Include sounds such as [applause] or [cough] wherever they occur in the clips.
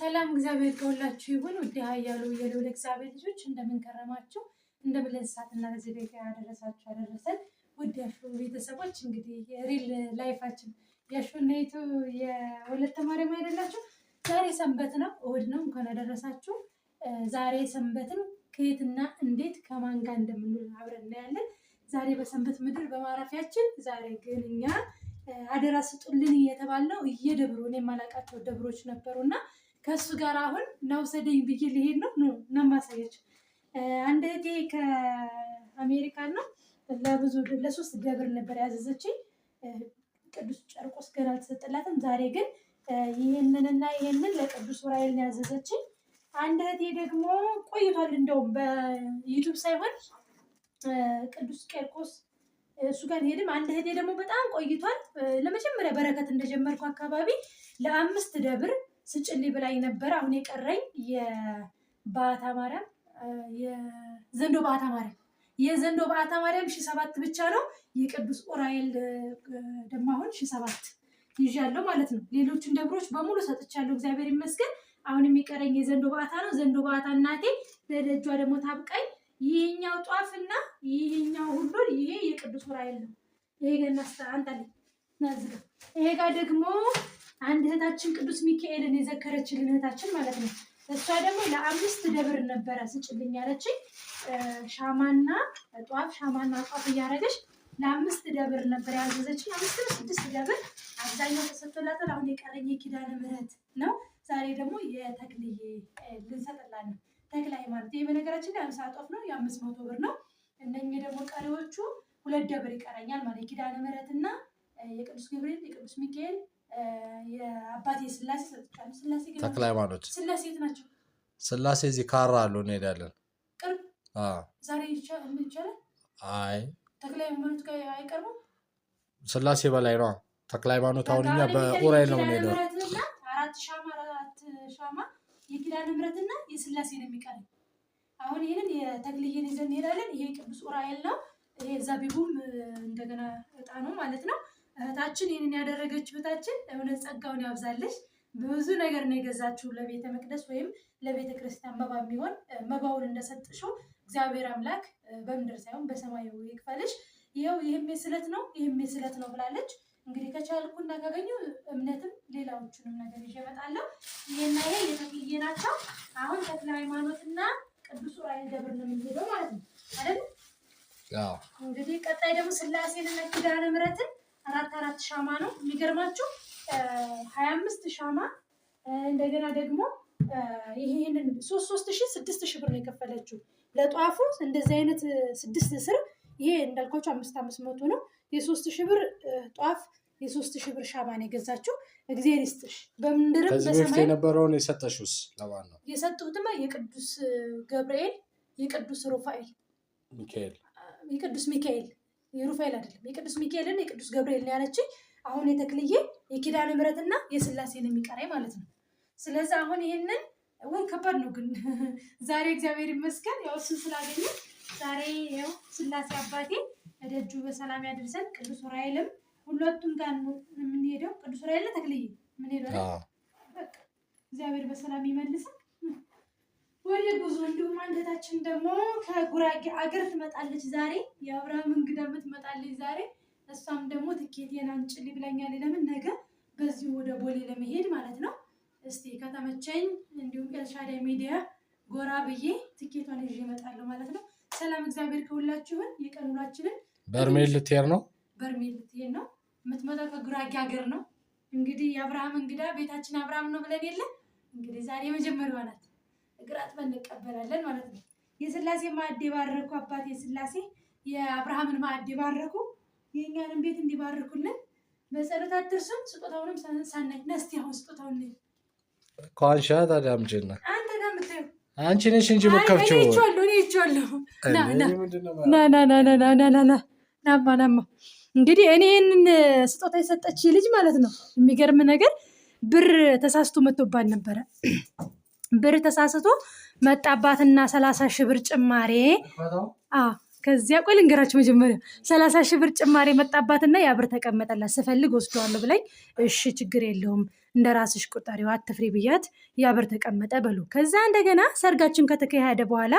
ሰላም እግዚአብሔር ከሁላችሁ ይሁን። ውድ ያሉ የልዑል እግዚአብሔር ልጆች እንደምን ከረማችሁ? እንደምን ለእንስሳትና ለዚህ ቤት ያደረሳችሁ ያደረሰን ውድ ያሹ ቤተሰቦች እንግዲህ ሪል ላይፋችን ያሹና የቱ የሁለት ተማሪም አይደላችሁ። ዛሬ ሰንበት ነው፣ እሁድ ነው። እንኳን ያደረሳችሁ። ዛሬ ሰንበትን ከየትና እንዴት ከማን ጋር እንደምንውል አብረን እናያለን። ዛሬ በሰንበት ምድር በማረፊያችን ዛሬ ግን እኛ አደራ ስጡልን እየተባልነው እየደብሩ እኔ የማላውቃቸው ደብሮች እና ከእሱ ጋር አሁን ነውሰደኝ ብዬ ሊሄድ ነው ነው ነማሳያቸው አንድ እህቴ ከአሜሪካ ነው ለብዙ ለሶስት ደብር ነበር ያዘዘችኝ። ቅዱስ ጨርቆስ ገና አልተሰጠላትም። ዛሬ ግን ይህንንና ይህንን ለቅዱስ ራይል ነው ያዘዘችኝ። አንድ እህቴ ደግሞ ቆይቷል፣ እንደውም በዩቱብ ሳይሆን ቅዱስ ቄርቆስ እሱ ጋር ሄድም። አንድ እህቴ ደግሞ በጣም ቆይቷል። ለመጀመሪያ በረከት እንደጀመርኩ አካባቢ ለአምስት ደብር ስጭልኝ ብላ ነበር። አሁን የቀረኝ የባታ ማርያም የዘንዶ ባታ ማርያም የዘንዶ ባታ ማርያም ሺ ሰባት ብቻ ነው። የቅዱስ ኡራኤል ደግሞ አሁን ሺ ሰባት ይዣለሁ ማለት ነው። ሌሎችን ደብሮች በሙሉ ሰጥቻለሁ፣ እግዚአብሔር ይመስገን። አሁን የሚቀረኝ የዘንዶ ባታ ነው። ዘንዶ ባታ እናቴ ለደጇ ደግሞ ታብቃኝ። ይሄኛው ጧፍና ይህኛው ሁሉ ይሄ የቅዱስ ኡራኤል ነው። ይሄ ገና አንተ ይሄ ጋር ደግሞ አንድ እህታችን ቅዱስ ሚካኤልን የዘከረችልን እህታችን ማለት ነው። እሷ ደግሞ ለአምስት ደብር ነበረ ስጭልኝ ያለችኝ ሻማና ጧፍ፣ ሻማና ጧፍ እያደረገች ለአምስት ደብር ነበር ያዘዘችኝ። አምስት ነው ስድስት ደብር አብዛኛው ተሰጥቶላታል። አሁን የቀረኝ የኪዳነ ምሕረት ነው። ዛሬ ደግሞ የተክልዬ ልንሰጥላለን። ተክል ሃይማኖት ይህ በነገራችን ላይ አምሳ ጧፍ ነው፣ የአምስት መቶ ብር ነው። እነኚህ ደግሞ ቀሪዎቹ ሁለት ደብር ይቀረኛል ማለት የኪዳነ ምሕረትና የቅዱስ ገብርኤል የቅዱስ ሚካኤል የአባቴ ስላሴ ሰጥቻለሁ። ስላሴ ተክለ ሃይማኖት ስላሴ የት ናቸው? ስላሴ እዚህ ካራ አሉ፣ እንሄዳለን። ቅርብ ዛሬ ይቻላል። አይ ተክለ ሃይማኖት ጋር አይቀርቡም። ስላሴ በላይ ነው ተክለ ሃይማኖት። አሁን እኛ በኡራኤል ነው የምንሄደው። አራት ሻማ አራት ሻማ የኪዳነ ምሕረትና የስላሴ ነው የሚቀርብ። አሁን ይህንን የተክልዬን ይዘን እንሄዳለን። ይሄ ቅዱስ ኡራኤል ነው። ይሄ ዛቢቡም እንደገና እጣ ነው ማለት ነው። እህታችን ይህንን ያደረገች እህታችን እውነት ጸጋውን ያብዛለች። ብዙ ነገር ነው የገዛችው ለቤተ መቅደስ ወይም ለቤተ ክርስቲያን መባ የሚሆን መባውን እንደሰጥሽው እግዚአብሔር አምላክ በምድር ሳይሆን በሰማይ ይክፈልሽ። ይኸው ይህም የስዕለት ነው ይህም የስዕለት ነው ብላለች። እንግዲህ ከቻልኩና ካገኘው እምነትም ሌላዎቹንም ነገር ይዤ እመጣለሁ። ይሄና ይሄ የተክልዬ ናቸው። አሁን ተክለ ሃይማኖትና ቅዱስ ዑራኤል ደብር ነው የምንሄደው ማለት ነው አይደል? እንግዲህ ቀጣይ ደግሞ ስላሴንና ኪዳነ ምሕረትን አራት አራት ሻማ ነው የሚገርማችሁ ሀያ አምስት ሻማ እንደገና ደግሞ ይህንን ሶስት ሶስት ሺ ስድስት ሺ ብር ነው የከፈለችው ለጧፉ እንደዚህ አይነት ስድስት ስር ይሄ እንዳልኳቸው አምስት አምስት መቶ ነው የሶስት ሺ ብር ጧፍ የሶስት ሺ ብር ሻማ ነው የገዛችው። እግዜር ይስጥሽ። በምንድርም በሰማይ የነበረውን የሰጠሽውስ ለማን ነው የሰጠሁትማ? የቅዱስ ገብርኤል፣ የቅዱስ ሩፋኤል፣ የቅዱስ ሚካኤል የሩፋኤል አይደለም የቅዱስ ሚካኤልና የቅዱስ ገብርኤል ነው ያለችኝ። አሁን የተክልዬ የኪዳነ ምሕረትና የስላሴ ነው የሚቀረኝ ማለት ነው። ስለዚህ አሁን ይህንን ወይ ከባድ ነው ግን [laughs] ዛሬ እግዚአብሔር ይመስገን ያው እሱን ስላገኘ ዛሬ ያው ስላሴ አባቴ እደጁ በሰላም ያደርሰን። ቅዱስ ራይልም ሁለቱም ጋር ነው የምንሄደው። ቅዱስ ዑራኤል ተክልዬ ምን ሄደው እግዚአብሔር በሰላም ይመልሰን። ወደ ጉዞ እንዲሁም አንገታችን ደግሞ ከጉራጌ አገር ትመጣለች ዛሬ የአብርሃም እንግዳ ትመጣለች ዛሬ። እሷም ደግሞ ትኬት አንጭልኝ ብላኛል። ለምን ነገ በዚህ ወደ ቦሌ ለመሄድ ማለት ነው። እስቲ ከተመቸኝ እንዲሁም ኤልሻዳይ ሚዲያ ጎራ ብዬ ትኬቷን ይዤ እመጣለሁ ማለት ነው። ሰላም እግዚአብሔር ከሁላችሁን የቀኑላችንን በርሜል ልትሄድ ነው። በርሜል ልትሄድ ነው። የምትመጣው ከጉራጌ ሀገር ነው። እንግዲህ የአብርሃም እንግዳ ቤታችን አብርሃም ነው ብለን የለ እንግዲህ ዛሬ የመጀመሪያዋ ናት። እግር አጥበን እንቀበላለን ማለት ነው። የስላሴ ማዕድ የባረኩ አባቴ ስላሴ የአብርሃምን ማዕድ የባረኩ የእኛንም ቤት እንዲባርኩልን በጸሎት አትርሱን። ስጦታውንም ሳናይ ነስቲ አሁን ስጦታውን ከዋንሻ ታዲያ አምጪና አንተ ጋር ምታዩ አንቺ ነሽ እንጂ የምከፍቺው ናማ ናማ። እንግዲህ እኔ ይህንን ስጦታ የሰጠች ልጅ ማለት ነው የሚገርም ነገር ብር ተሳስቶ መጥቶባት ነበረ። ብር ተሳስቶ መጣባትና ሰላሳ ሺህ ብር ጭማሬ ከዚያ ቆይ ልንገራችሁ። መጀመሪያ ሰላሳ ሺህ ብር ጭማሬ መጣባትና ያ ብር ተቀመጠላት። ስፈልግ ወስደዋለሁ ብላኝ፣ እሺ ችግር የለውም እንደ ራስሽ ቁጠሪው አትፍሪ ብያት፣ ያ ብር ተቀመጠ በሉ። ከዛ እንደገና ሰርጋችን ከተካሄደ በኋላ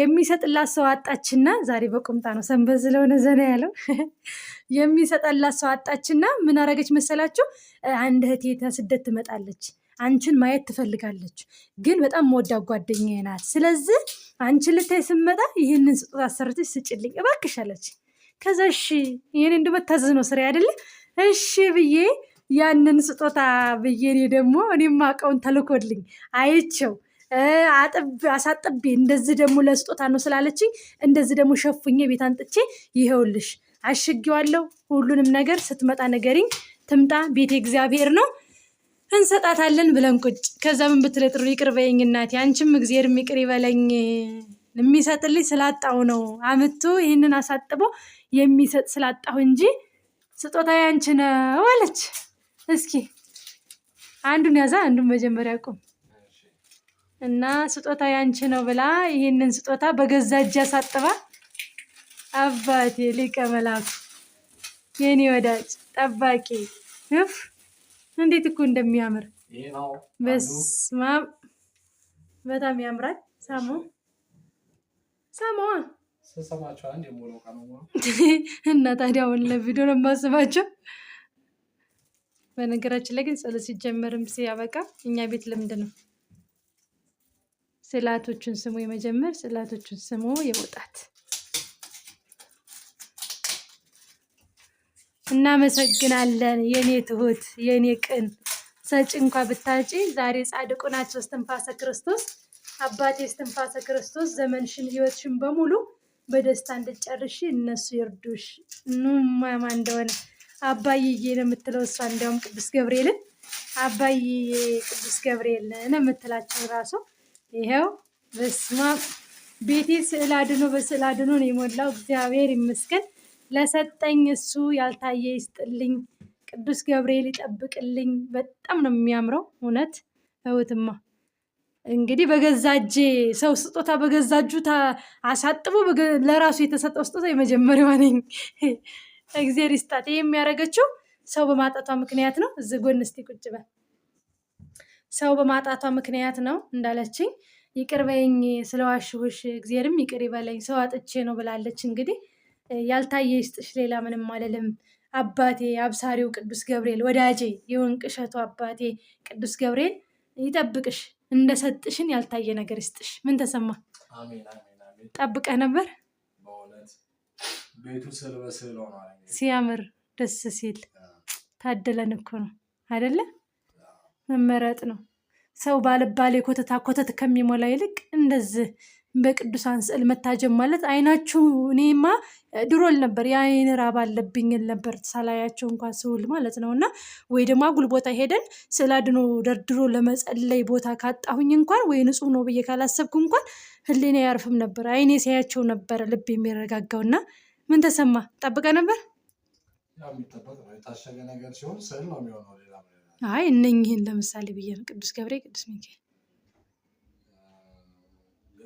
የሚሰጥላት ሰው አጣችና፣ ዛሬ በቁምጣ ነው ሰንበት ስለሆነ ዘና ያለው [laughs] የሚሰጠላት ሰው አጣችና ምን አረገች መሰላችሁ? አንድ እህቴ ስደት ትመጣለች አንቺን ማየት ትፈልጋለች፣ ግን በጣም መወዳ ጓደኛ ናት። ስለዚህ አንቺን ልታይ ስመጣ ይህንን ስጦታ አሰርተሽ ስጭልኝ እባክሽ አለች። ከዛ እሺ ይህን እንደመታዘዝ ነው ስራ አይደለ? እሺ ብዬ ያንን ስጦታ ብዬ እኔ ደግሞ እኔም አውቀውን ተልኮልኝ አይቸው አሳጥቤ እንደዚህ ደግሞ ለስጦታ ነው ስላለችኝ እንደዚህ ደግሞ ሸፉኜ ቤት አንጥቼ ይኸውልሽ አሽጌዋለሁ። ሁሉንም ነገር ስትመጣ ነገሪኝ። ትምጣ ቤቴ እግዚአብሔር ነው። እንሰጣታለን ብለን ቁጭ ከዛ ምን ብትለኝ ጥሩ ይቅር በይኝ እናቴ፣ አንቺም እግዚአብሔር ይቅር ይበለኝ የሚሰጥልኝ ስላጣው ነው አምቶ ይህንን አሳጥቦ የሚሰጥ ስላጣሁ እንጂ ስጦታ ያንቺ ነው አለች። እስኪ አንዱን ያዛ አንዱን መጀመሪያ ቁም እና ስጦታ ያንቺ ነው ብላ ይህንን ስጦታ በገዛ እጅ አሳጥባ አባቴ ሊቀ መላኩ የኔ ወዳጅ ጠባቂ እንዴት እኮ እንደሚያምር በስመ በጣም ያምራል። ሳሞ ሳሞዋ እና ታዲያ አሁን ለቪዲዮ ነው የማስባቸው። በነገራችን ላይ ግን ጸሎት ሲጀመርም ሲያበቃ እኛ ቤት ልምድ ነው ስላቶቹን ስሙ የመጀመር ስላቶቹን ስሙ የመውጣት እናመሰግናለን የኔ ትሁት የኔ ቅን ሰጪ እንኳ ብታጪ ዛሬ ጻድቁ ናቸው እስትንፋሰ ክርስቶስ አባቴ እስትንፋሰ ክርስቶስ ዘመንሽን ህይወትሽን በሙሉ በደስታ እንድጨርሽ እነሱ ይርዱሽ ኑማማ እንደሆነ አባይዬ ነው የምትለው እሷ እንዲያውም ቅዱስ ገብርኤልን አባይዬ ቅዱስ ገብርኤል ነው የምትላቸው ራሱ ይኸው በስማ ቤቴ ስዕል አድኖ በስዕል አድኖ ነው የሞላው እግዚአብሔር ይመስገን ለሰጠኝ እሱ ያልታየ ይስጥልኝ፣ ቅዱስ ገብርኤል ይጠብቅልኝ። በጣም ነው የሚያምረው እውነት እውትማ እንግዲህ በገዛ እጄ ሰው ስጦታ በገዛ እጁ አሳጥቦ ለራሱ የተሰጠው ስጦታ የመጀመሪያዋ ነኝ። [laughs] እግዜር ይስጣት። ይህ የሚያደርገችው ሰው በማጣቷ ምክንያት ነው። እዚህ ጎን እስቲ ቁጭ በል። ሰው በማጣቷ ምክንያት ነው እንዳለችኝ፣ ይቅር በይኝ ስለዋሽሁሽ፣ እግዜርም ይቅር ይበለኝ ሰው አጥቼ ነው ብላለች እንግዲህ ያልታየ ይስጥሽ ሌላ ምንም አልልም። አባቴ አብሳሪው ቅዱስ ገብርኤል ወዳጄ የወንቅ እሸቱ አባቴ ቅዱስ ገብርኤል ይጠብቅሽ፣ እንደሰጥሽን ያልታየ ነገር ይስጥሽ። ምን ተሰማ? ጠብቀ ነበር? ቤቱ ስል በስል ሲያምር ደስ ሲል ታደለን እኮ ነው አይደለ? መመረጥ ነው ሰው ባልባሌ ኮተታ ኮተት ከሚሞላ ይልቅ እንደዚህ በቅዱሳን ስዕል መታጀብ ማለት አይናችሁ እኔማ ድሮል ነበር የአይን ራብ አለብኝን ነበር ሳላያቸው እንኳን ስውል ማለት ነው። እና ወይ ደግሞ አጉል ቦታ ሄደን ስዕል አድኖ ደርድሮ ለመጸለይ ቦታ ካጣሁኝ እንኳን ወይ ንጹህ ነው ብዬ ካላሰብኩ እንኳን ህሊኔ ያርፍም ነበር። አይኔ ሲያያቸው ነበር ልብ የሚረጋጋው። እና ምን ተሰማ ጠብቀ ነበር አይ እነኝህን ለምሳሌ ብዬ ነው ቅዱስ ገብሬ ቅዱስ ሚካኤል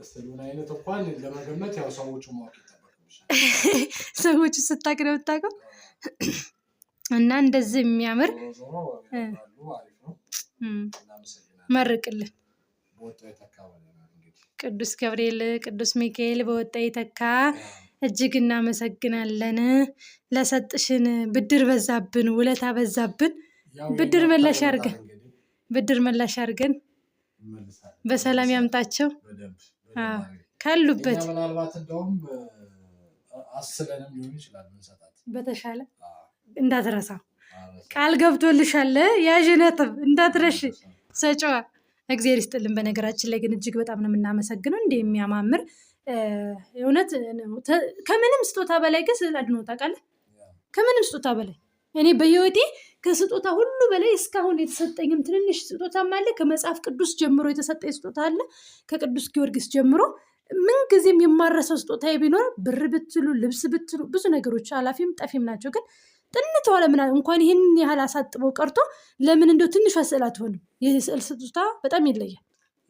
ስሉን አይነት እንኳን ለመገመት ያው ሰዎቹ ማወቅ ይጠበቅብሻል። [laughs] ሰዎቹ ስታቅ ነው የምታውቀው። እና እንደዚህ የሚያምር መርቅልን ቅዱስ ገብርኤል ቅዱስ ሚካኤል በወጣ የተካ እጅግ እናመሰግናለን ለሰጥሽን። ብድር በዛብን፣ ውለታ በዛብን። ብድር መላሽ አርገን ብድር መላሽ አድርገን በሰላም ያምጣቸው። ካሉበት ምናልባት እንደውም አስበንም ሊሆን ይችላል ምንሰጣት በተሻለ እንዳትረሳ ቃል ገብቶልሻል። ያዥ ነጥብ እንዳትረሽ ሰጫዋ እግዚአብሔር ይስጥልን። በነገራችን ላይ ግን እጅግ በጣም ነው የምናመሰግነው። እንደ የሚያማምር እውነት ከምንም ስጦታ በላይ ግን ስዕል አድኖ ታውቃለህ። ከምንም ስጦታ በላይ እኔ በህይወቴ ከስጦታ ሁሉ በላይ እስካሁን የተሰጠኝም ትንንሽ ስጦታም አለ። ከመጽሐፍ ቅዱስ ጀምሮ የተሰጠኝ ስጦታ አለ። ከቅዱስ ጊዮርጊስ ጀምሮ ምንጊዜም የማረሰው ስጦታ ቢኖር ብር ብትሉ ልብስ ብትሉ ብዙ ነገሮች ኃላፊም ጠፊም ናቸው። ግን ጥንት ለምን እንኳን ይህን ያህል አሳጥቦ ቀርቶ ለምን እንደው ትንሿ ስዕል አትሆንም? ይህ ስዕል ስጦታ በጣም ይለያል።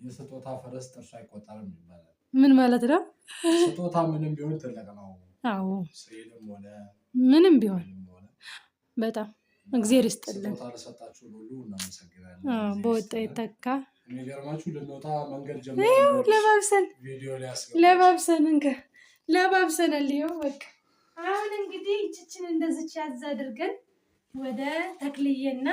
የስጦታ ፈረስ ጥርሱ አይቆጠርም ይባላል። ምን ማለት ነው? ስጦታ ምንም ቢሆን ትልቅ ነው። ምንም ቢሆን በጣም እግዚአብሔር ይስጥልን። በወጣ የተካ ለባብሰን ለባብሰን እንከ ለባብሰን ልየው በቃ አሁን እንግዲህ ይችችን እንደዚች ያዝ አድርገን ወደ ተክልዬና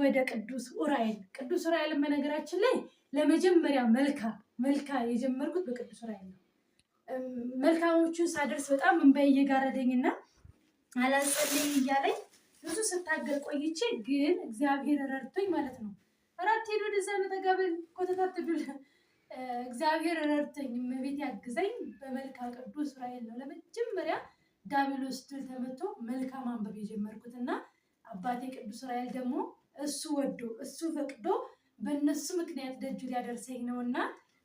ወደ ቅዱስ ኡራኤል ቅዱስ ኡራኤልን በነገራችን ላይ ለመጀመሪያ መልካ መልካ የጀመርኩት በቅዱስ ኡራኤል ነው። መልካዎቹን ሳደርስ በጣም እንባዬ እየጋረደኝና አላጸልይ እያለኝ ብዙ ስታገል ቆይቼ ግን እግዚአብሔር ረድቶኝ ማለት ነው። እራት ሄዶ ወደዛ መተጋበል ኮተታት ብል እግዚአብሔር ረድቶኝ እመቤት ያግዘኝ። በመልካ ቅዱስ ዑራኤል ነው ለመጀመሪያ ዲያብሎስ ድል ተመቶ መልካ ማንበብ የጀመርኩት እና አባቴ ቅዱስ ዑራኤል ደግሞ እሱ ወዶ እሱ ፈቅዶ በእነሱ ምክንያት ደጁ ሊያደርሰኝ ነው እና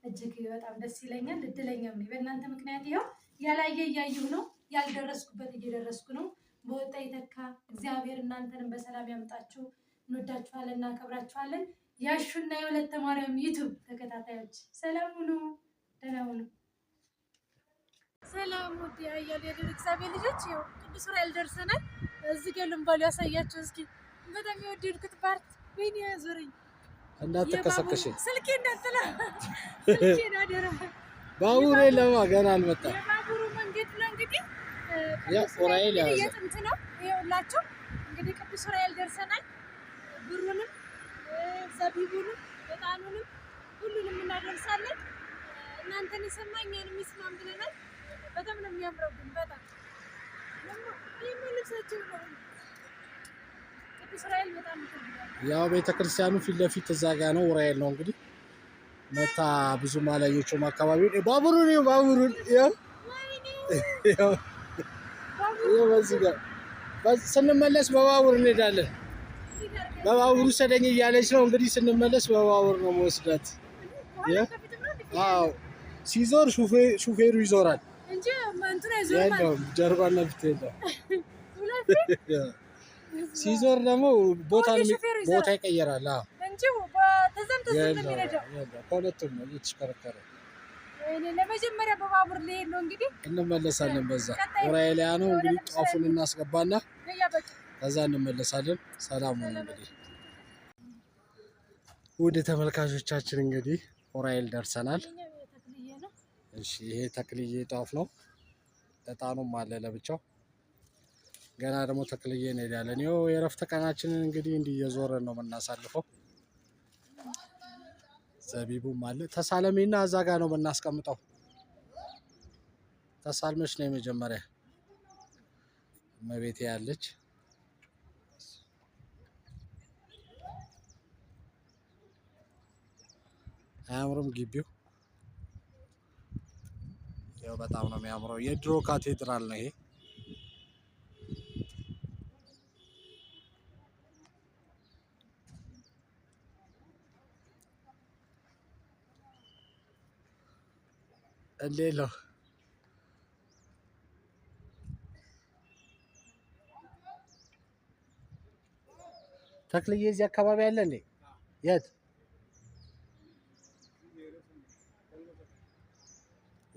እጅግ በጣም ደስ ይለኛል። እድለኛም በእናንተ ምክንያት ይኸው ያላየ እያየሁ ነው። ያልደረስኩበት እየደረስኩ ነው። በወጣ ይተካ። እግዚአብሔር እናንተንም በሰላም ያምጣችሁ። እንወዳችኋለን፣ እናከብራችኋለን። ያሹና የሁለት ማርያም ዩቱብ ተከታታዮች ሰላም ሁኑ፣ ደህና ሁኑ። ሰላም ውድ ያያሉ የደር እግዚአብሔር ልጆች ይኸው ቅዱስ ዑራኤል ደርሰናል። እዚህ ጋር ልምባሉ ያሳያቸው እስኪ በጣም የወደድኩት ፓርት ወይን ዙሪኝ እንዳትቀሰቀሽ ስልኬ እንዳትላ ስልኬ ናደረ ባቡሬ ለማ ገና አልመጣም። የጥንት ነው። ይኸውላችሁ እንግዲህ ቅዱስ ዑራኤል ደርሰናል። ብሩንም ዘቢቡንም ዕጣኑንም ሁሉንም እናደርሳለን። እናንተን የሰማ ብለናል። በጣም ነው የሚያምረው። ግን በጣም ያው ፊት ለፊት እዛ ጋ ነው። ዑራኤል ነው እንግዲህ መታ ብዙ ማላዮቹም አካባቢ ባቡሩን ባቡሩን በዚህ ጋር ስንመለስ በባቡር እንሄዳለን። በባቡር ውሰደኝ እያለች ነው እንግዲህ ስንመለስ በባቡር ነው መወስዳት። አዎ ሲዞር ሹፌሩ ይዞራል። የለውም ጀርባና ፊት የለውም። ሲዞር ደግሞ ቦታ ቦታ ይቀየራል። ከሁለቱም ነው እየተሽከረከረ ለመጀመሪያ በባቡር ልሄድ ነው። እንግዲህ እንመለሳለን። በዛ ራይሊያ ነው እንግዲህ ጧፉን እናስገባና ከዛ እንመለሳለን። ሰላም ነው እንግዲህ ውድ ተመልካቾቻችን እንግዲህ ኦራይል ደርሰናል። እሺ ይሄ ተክልዬ ጧፍ ነው። እጣኑም አለ ለብቻው። ገና ደግሞ ተክልዬ እንሄዳለን። ይኸው የእረፍት ቀናችንን እንግዲህ እንዲህ እየዞረን ነው የምናሳልፈው። ዘቢቡም አለ። ተሳለሜና እዛ ጋ ነው የምናስቀምጠው። ተሳልመች ነው የመጀመሪያ እመቤቴ ያለች አያምርም? ግቢው ያው በጣም ነው የሚያምረው። የድሮ ካቴድራል ነው ይሄ። እንዴት ነው? ተክልዬ እዚህ አካባቢ አለ እንዴ? የት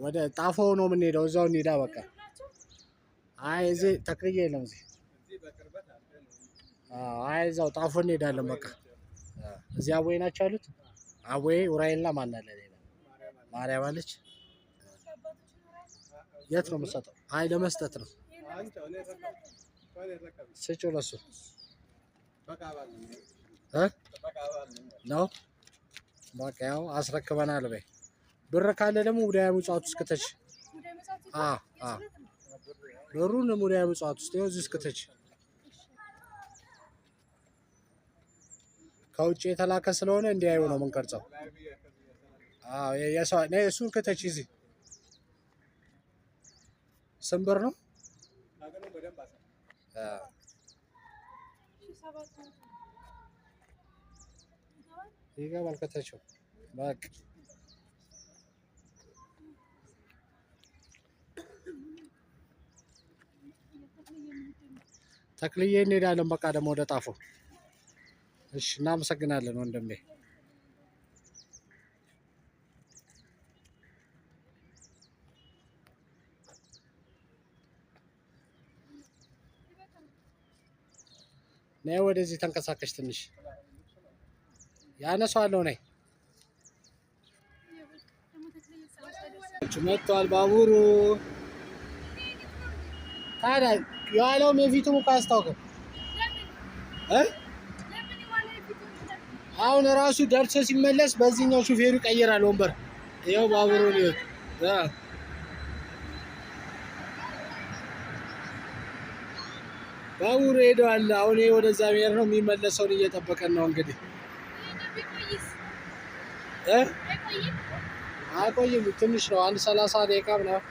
ወደ ጣፎ ነው የምንሄደው? እዛው እንሂዳ በቃ። አይ እዚህ ተክልዬ የለም። እዚህ አይ እዛው ጣፎ እንሄዳለን በቃ። እዚህ አቦዬ ናቸው ያሉት። አቦዬ ኡራኤልና ማናለ ማርያም አለች። የት ነው የምትሰጠው? አይ ለመስጠት ነው። ስጪው ለሱ ነው። በቃ ያው አስረክበናል። በይ ብር ካለ ደግሞ ሙዳየ ምጽዋት ውስጥ ከተች ብሩን ሙዳየ ምጽዋት ውስጥ ይኸው እዚህ ውስጥ ከተች ከውጭ የተላከ ስለሆነ እንዲያዩ ነው የምንቀርጸው። እሱን ከተች እዚህ ሰንበር ነው። ይገባል ከታቸው በቃ ተክልዬ እንሄዳለን። በቃ ደግሞ ወደ ጣፎ። እሺ፣ እናመሰግናለን ወንድሜ። ነይ ወደዚህ ተንቀሳቀሽ። ትንሽ ያነሷለሁ። ነይ መጥቷል ባቡሩ። ታዲያ የኋላውም የፊቱም እኮ አያስታውቅም። አሁን እራሱ ደርሶ ሲመለስ በዚህኛው ሹፌሩ ይቀይራል ወንበር። ይኸው ባቡሩን ይወት ባቡር ሄደዋል። አሁን ወደዛ ብሔር ነው የሚመለሰውን እየጠበቀን ነው እንግዲህ አይቆይም። ትንሽ ነው፣ አንድ ሰላሳ ደቂቃ ምናምን